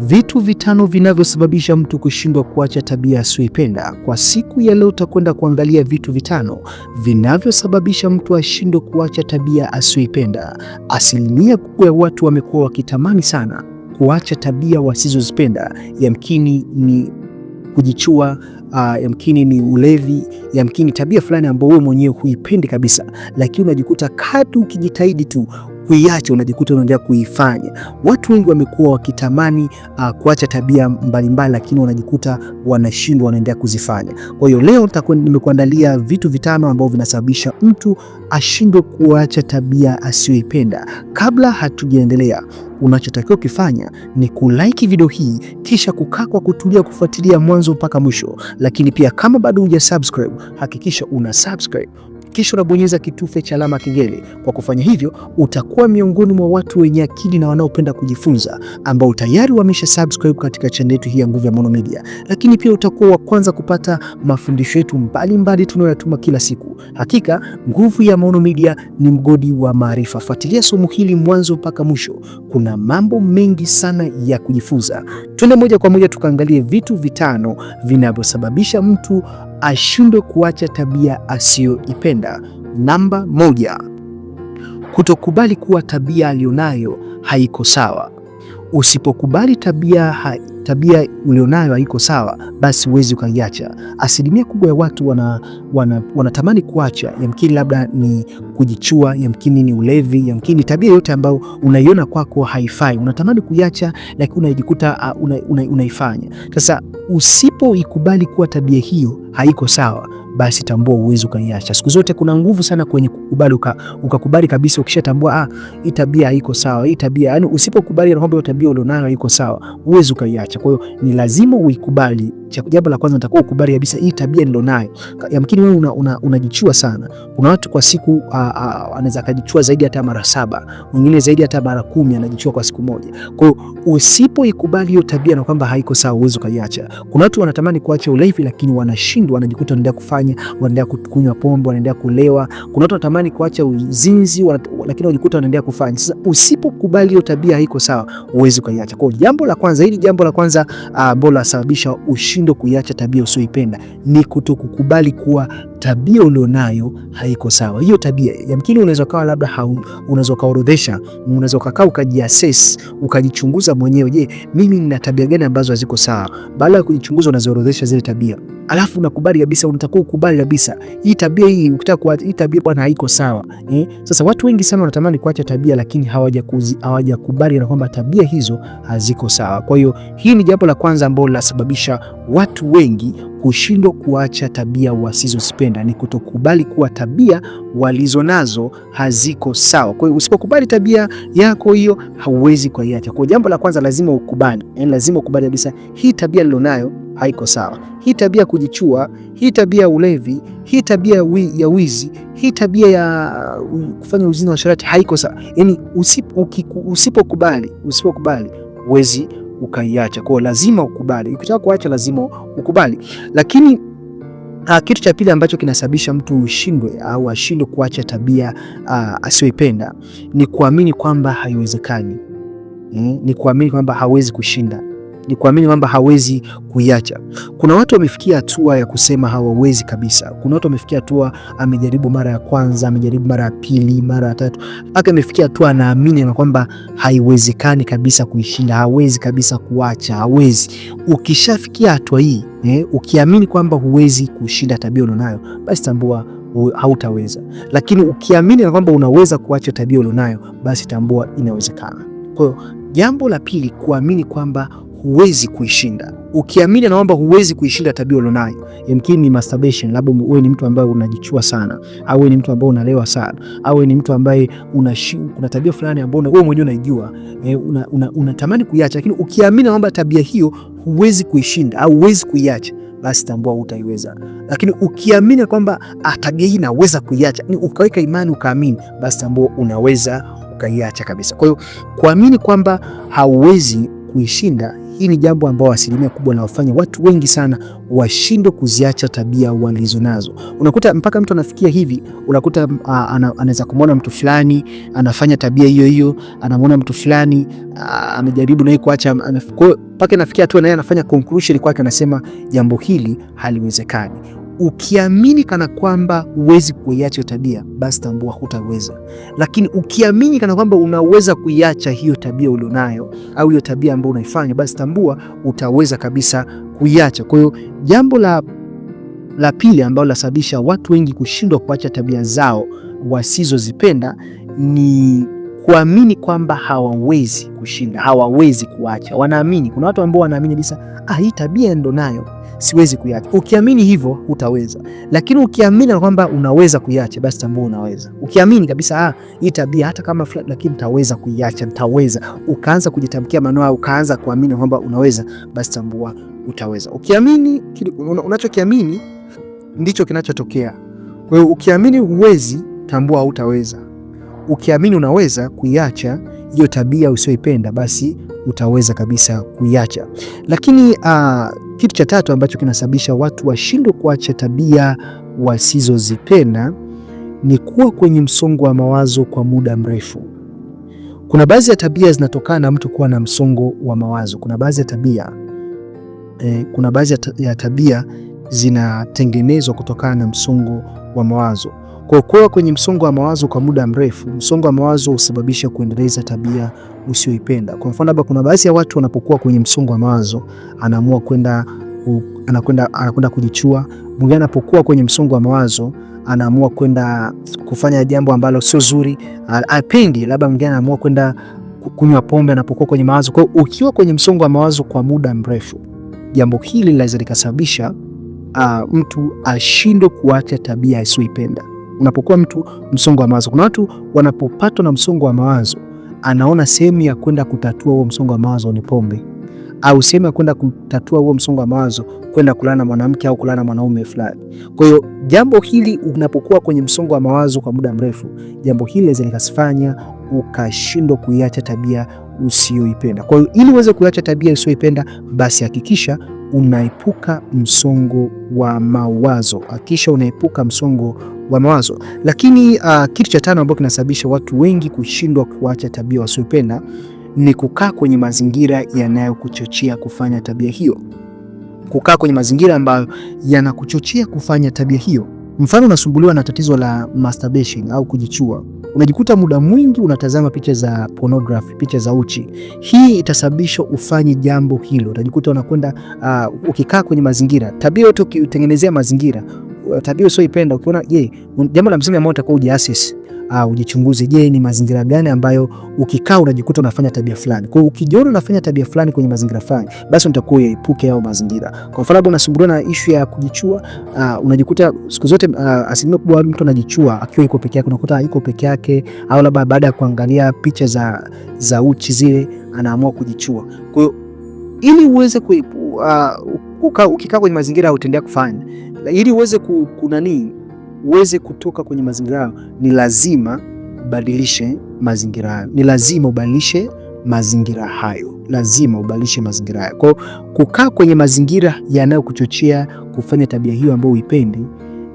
Vitu vitano vinavyosababisha mtu kushindwa kuacha tabia asiyoipenda. Kwa siku ya leo, utakwenda kuangalia vitu vitano vinavyosababisha mtu ashindwe kuacha tabia asiyoipenda. Asilimia kubwa ya watu wamekuwa wakitamani sana kuacha tabia wasizozipenda. Yamkini ni kujichua Uh, yamkini ni ulevi, yamkini tabia fulani ambayo wewe mwenyewe huipendi kabisa, lakini unajikuta kadri ukijitahidi tu kuiacha, unajikuta unaendelea kuifanya. Watu wengi wamekuwa wakitamani uh, kuacha tabia mbalimbali, lakini wanajikuta wanashindwa, wanaendelea kuzifanya. Kwa hiyo leo nimekuandalia vitu vitano ambavyo vinasababisha mtu ashindwe kuacha tabia asiyoipenda. Kabla hatujaendelea unachotakiwa ukifanya ni kulike video hii kisha kukaa kwa kutulia kufuatilia mwanzo mpaka mwisho. Lakini pia kama bado huja hakikisha una subscribe kisha unabonyeza kitufe cha alama kengele. Kwa kufanya hivyo, utakuwa miongoni mwa watu wenye akili na wanaopenda kujifunza ambao tayari wamesha subscribe katika channel yetu hii ya Nguvu ya Maono Media, lakini pia utakuwa wa kwanza kupata mafundisho yetu mbalimbali tunayoyatuma kila siku. Hakika Nguvu ya Maono Media ni mgodi wa maarifa. Fuatilia somo hili mwanzo mpaka mwisho, kuna mambo mengi sana ya kujifunza. Twende moja kwa moja tukaangalie vitu vitano vinavyosababisha mtu ashindwe kuacha tabia asiyoipenda. Namba moja, kutokubali kuwa tabia aliyonayo haiko sawa. Usipokubali tabia hai tabia ulionayo haiko sawa, basi huwezi ukaiacha. Asilimia kubwa ya watu wanatamani wana, wanatamani kuacha, yamkini labda ni kujichua, yamkini ni ulevi, yamkini tabia yote ambayo unaiona kwako haifai, unatamani kuiacha, lakini unajikuta uh, una, una, unaifanya. Sasa usipoikubali kuwa tabia hiyo haiko sawa basi tambua uwezi ukaiacha. Siku zote kuna nguvu sana kwenye kukubali, ukakubali kabisa. Ukishatambua ah, hii tabia haiko sawa, hii tabia yani, usipokubali kwamba tabia ulionayo haiko sawa, uwezi ukaiacha. Kwa hiyo ni lazima uikubali jambo la kwanza nitakuwa ukubali kabisa hii tabia nilonayo. Yamkini wewe unajichua una, una sana. Kuna watu kwa siku anaweza akajichua zaidi hata mara saba, mwingine zaidi hata mara kumi anajichua kwa siku moja. Kwa hiyo usipoikubali hiyo tabia na kwamba haiko sawa, uwezo ukaiacha. Kuna watu wanatamani kuacha ulevi lakini wanashindwa, wanajikuta wanaendelea kufanya, wanaendelea kunywa pombe, wanaendelea kulewa. Kuna watu wanatamani kuacha uzinzi wanat, lakini wanajikuta wanaendelea kufanya. Sasa usipokubali hiyo tabia haiko sawa, uwezo ukaiacha. Kwa hiyo jambo la kwanza hili, jambo la kwanza ambalo uh, lasababisha ushi kushindwa kuiacha tabia usioipenda ni kutokukubali kuwa tabia ulionayo haiko sawa. Hiyo tabia yamkini unaweza ukawa labda, unaweza ukaorodhesha, unaweza ukakaa ukajiassess, ukajichunguza mwenyewe, je, mimi nina tabia gani ambazo haziko sawa? Baada ya kujichunguza, unaziorodhesha zile tabia, alafu unakubali kabisa, unatakiwa ukubali kabisa hii tabia, hii ukitaka kuwa hii tabia bwana haiko sawa eh? Sasa watu wengi sana wanatamani kuacha tabia, lakini hawajakuzi hawajakubali na kwamba tabia hizo haziko sawa. Kwa hiyo hii ni jambo la kwanza ambalo linasababisha watu wengi kushindwa kuacha tabia wasizozipenda ni kutokubali kuwa tabia walizonazo haziko sawa. Kwa hiyo usipokubali tabia yako hiyo, hauwezi kuiacha. Kwa jambo la kwanza, lazima ukubali, yaani lazima ukubali kabisa, hii tabia nilionayo haiko sawa. Hii tabia ya kujichua, hii tabia ya ulevi, hii tabia ya wizi, hii tabia ya kufanya uzinzi wa sharati haiko sawa. Yani usipokubali, usipokubali huwezi ukaiacha. Kwa hiyo lazima ukubali, ukitaka kuacha lazima ukubali. Lakini uh, kitu cha pili ambacho kinasababisha mtu ushindwe au ashindwe kuacha tabia uh, asiyoipenda ni kuamini kwamba haiwezekani. Mm, ni kuamini kwamba hawezi kushinda ni kuamini kwamba hawezi kuiacha. Kuna watu wamefikia hatua ya kusema hawawezi kabisa. Kuna watu wamefikia hatua, amejaribu mara ya kwanza, amejaribu mara ya pili, mara ya tatu, mpaka amefikia hatua anaamini na kwamba haiwezekani kabisa kuishinda, hawezi kabisa kuacha, hawezi. Ukishafikia hatua hii eh, ukiamini kwamba huwezi kushinda tabia ulionayo, basi tambua hautaweza. Lakini ukiamini na kwamba unaweza kuacha tabia ulionayo, basi tambua inawezekana. Kwa hiyo jambo la pili, kuamini kwamba huwezi kuishinda. Ukiamini na kwamba huwezi kuishinda tabia ulionayo, yamkini ni masturbation, labda wewe ni mtu ambaye unajichua sana, au wewe ni mtu ambaye unalewa sana, au wewe ni mtu ambaye una kuna tabia fulani ambayo wewe mwenyewe unaijua, e, eh, unatamani una, una kuiacha, lakini ukiamini na kwamba tabia hiyo huwezi kuishinda au huwezi kuiacha basi tambua utaiweza. Lakini ukiamini kwamba ah, tabia hii naweza kuiacha, ni ukaweka imani ukaamini, basi tambua unaweza ukaiacha kabisa. Kwa hiyo kuamini kwamba hauwezi kuishinda hii ni jambo ambao asilimia kubwa inawafanya watu wengi sana washindwe kuziacha tabia walizonazo. Unakuta mpaka mtu anafikia hivi, unakuta anaweza kumwona mtu fulani anafanya tabia hiyo hiyo, anamwona mtu fulani amejaribu naye kuacha, mpaka anafikia hatua naye anafanya conclusion kwake, anasema jambo hili haliwezekani. Ukiamini kana kwamba huwezi kuiacha tabia, basi tambua hutaweza. Lakini ukiamini kana kwamba unaweza kuiacha hiyo tabia ulionayo au hiyo tabia ambayo unaifanya, basi tambua utaweza kabisa kuiacha. Kwa hiyo jambo la, la pili ambalo linasababisha watu wengi kushindwa kuacha tabia zao wasizozipenda ni kuamini kwamba hawawezi kushinda, hawawezi kuacha. Wanaamini, kuna watu ambao wanaamini kabisa, ah, hii tabia ndo nayo siwezi kuiacha. Ukiamini hivyo utaweza, lakini ukiamini kwamba unaweza kuiacha, basi tambua unaweza. Ukiamini kabisa ah, hii tabia hata kama fulani, lakini mtaweza kuiacha, mtaweza, ukaanza kujitamkia maneno au ukaanza kuamini kwamba unaweza, basi tambua utaweza. Ukiamini unachokiamini ndicho kinachotokea. Kwa hiyo ukiamini huwezi, tambua hutaweza. Ukiamini unaweza kuiacha hiyo tabia usioipenda, basi utaweza kabisa kuiacha. Lakini uh, kitu cha tatu ambacho kinasababisha watu washindwe kuacha tabia wasizozipenda ni kuwa kwenye msongo wa mawazo kwa muda mrefu. Kuna baadhi ya tabia zinatokana na mtu kuwa na msongo wa mawazo. Kuna baadhi ya tabia eh, kuna baadhi ya tabia zinatengenezwa kutokana na msongo wa mawazo. Kwa kuwa kwenye msongo wa mawazo kwa muda mrefu, msongo wa mawazo husababisha kuendeleza tabia usioipenda. Kwa mfano, hapa kuna baadhi ya watu wanapokuwa kwenye msongo wa mawazo anaamua kwenda anakwenda anakwenda kujichua. Mwingine anapokuwa kwenye msongo wa mawazo anaamua kwenda kufanya jambo ambalo sio zuri, apendi. Labda mwingine anaamua kwenda kunywa pombe anapokuwa kwenye mawazo. Kwa hiyo ukiwa kwenye msongo wa mawazo kwa muda mrefu, jambo hili linaweza likasababisha uh, mtu ashindwe kuacha tabia asiyoipenda unapokuwa mtu msongo wa mawazo. Kuna watu wanapopatwa na msongo wa mawazo, anaona sehemu ya kwenda kutatua huo msongo wa mawazo ni pombe, au sehemu ya kwenda kutatua huo msongo wa mawazo kwenda kulala na mwanamke au kulala na mwanaume fulani. Kwa hiyo jambo hili, unapokuwa kwenye msongo wa mawazo kwa muda mrefu, jambo hili linaweza likasifanya ukashindwa kuiacha tabia usiyoipenda. Kwa hiyo ili uweze kuiacha tabia usiyoipenda, basi hakikisha unaepuka msongo wa mawazo, hakikisha unaepuka msongo wa mawazo. Lakini uh, kitu cha tano ambacho kinasababisha watu wengi kushindwa kuacha tabia wasiopenda ni kukaa kwenye mazingira yanayokuchochea kufanya tabia hiyo, kukaa kwenye mazingira ambayo yanakuchochea kufanya tabia hiyo. Mfano, unasumbuliwa na tatizo la masturbation au kujichua, unajikuta muda mwingi unatazama picha za pornography, picha za uchi. Hii itasababisha ufanye jambo hilo, utajikuta unakwenda uh, ukikaa kwenye mazingira. Tabia yote ukitengenezea mazingira tabia usioipenda ukiona, je, jambo la msingi ambalo utakuwa ujiasis au ujichunguze, je, ni mazingira gani ambayo ukikaa unajikuta unafanya tabia fulani. Kwa hiyo ukijiona unafanya tabia fulani kwenye mazingira fulani, basi unatakuwa uepuke hayo mazingira. Kwa mfano, labda unasumbuliwa na issue ya kujichua, uh, unajikuta siku zote uh, asilimia kubwa mtu anajichua akiwa yuko peke yake, unakuta yuko peke yake, au labda baada ya kuangalia picha za za uchi zile anaamua kujichua. Kwa hiyo ili uweze uh, ukikaa kwenye mazingira utendea kufanya, ili uweze kunani uweze kutoka kwenye mazingira hayo, ni lazima ubadilishe mazingira hayo, ni lazima ubadilishe mazingira hayo, lazima ubadilishe mazingira hayo. kwao kukaa kwenye mazingira yanayokuchochea kufanya tabia hiyo ambayo uipendi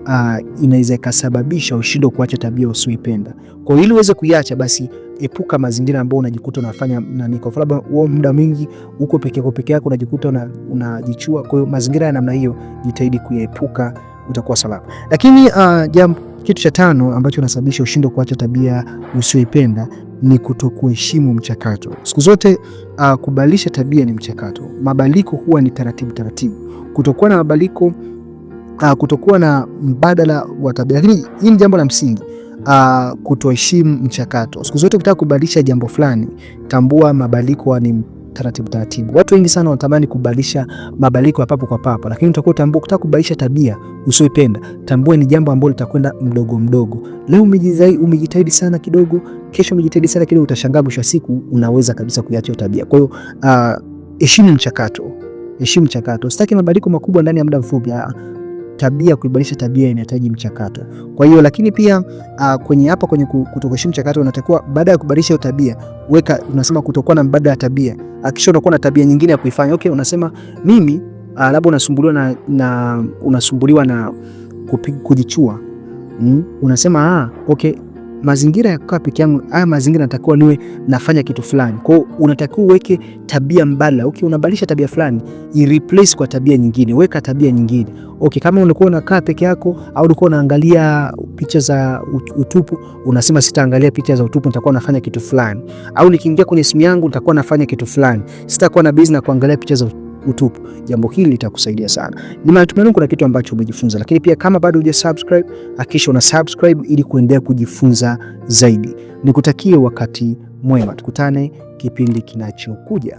uh, inaweza ikasababisha ushindwe kuacha tabia usioipenda. Kwa hiyo ili uweze kuiacha, basi epuka mazingira ambayo unajikuta unafanya nani. Kwa mfano, wewe muda mwingi uko peke yako peke yako unajikuta unajichua una. Kwa hiyo mazingira ya namna hiyo jitahidi kuyaepuka, utakuwa salama. Lakini uh, jambo kitu cha tano ambacho unasababisha ushindwe kuacha tabia usioipenda ni kutokuheshimu mchakato. Siku zote uh, kubadilisha tabia ni mchakato. Mabadiliko huwa ni taratibu taratibu. Kutokuwa na mabadiliko uh, kutokuwa na mbadala wa tabia. Lakini hii ni jambo la msingi uh, kutoheshimu mchakato. Siku zote ukitaka kubadilisha jambo fulani, tambua mabadiliko ni taratibu taratibu. Watu wengi sana wanatamani kubadilisha mabadiliko ya papo kwa papo, lakini utakuwa utambua, ukitaka kubadilisha tabia usioipenda, tambua ni jambo ambalo litakwenda mdogo mdogo. Leo umejizai umejitahidi sana kidogo, kesho umejitahidi sana kidogo, utashangaa mwisho wa siku unaweza kabisa kuiacha tabia. Kwa hiyo ah, heshimu uh, mchakato, heshimu mchakato. Sitaki mabadiliko makubwa ndani ya muda mfupi tabia, kuibadilisha tabia inahitaji mchakato. Kwa hiyo lakini pia uh, kwenye hapa kwenye kutokuheshimu mchakato, unatakiwa baada ya kubadilisha tabia weka, unasema kutokuwa na mbadala ya tabia. Akisha unakuwa na tabia nyingine ya kuifanya, okay, unasema mimi uh, labda unasumbuliwa na, na unasumbuliwa na kujichua mm, unasema ah, okay mazingira ya kukaa peke yangu, haya mazingira natakiwa niwe nafanya kitu fulani. Kwa hiyo unatakiwa uweke tabia mbadala. Okay, unabadilisha tabia fulani, ireplace kwa tabia nyingine, weka tabia nyingine. Okay, kama ulikuwa unakaa peke yako au ulikuwa unaangalia picha za utupu, unasema sitaangalia picha za utupu, nitakuwa nafanya kitu fulani. Au nikiingia kwenye simu yangu nitakuwa nafanya kitu fulani, sitakuwa na busy na kuangalia picha za utupu utupu. Jambo hili litakusaidia sana. Ni matumaini kuna kitu ambacho umejifunza, lakini pia kama bado hujasubscribe, hakikisha una subscribe ili kuendelea kujifunza zaidi. Nikutakie wakati mwema, tukutane kipindi kinachokuja.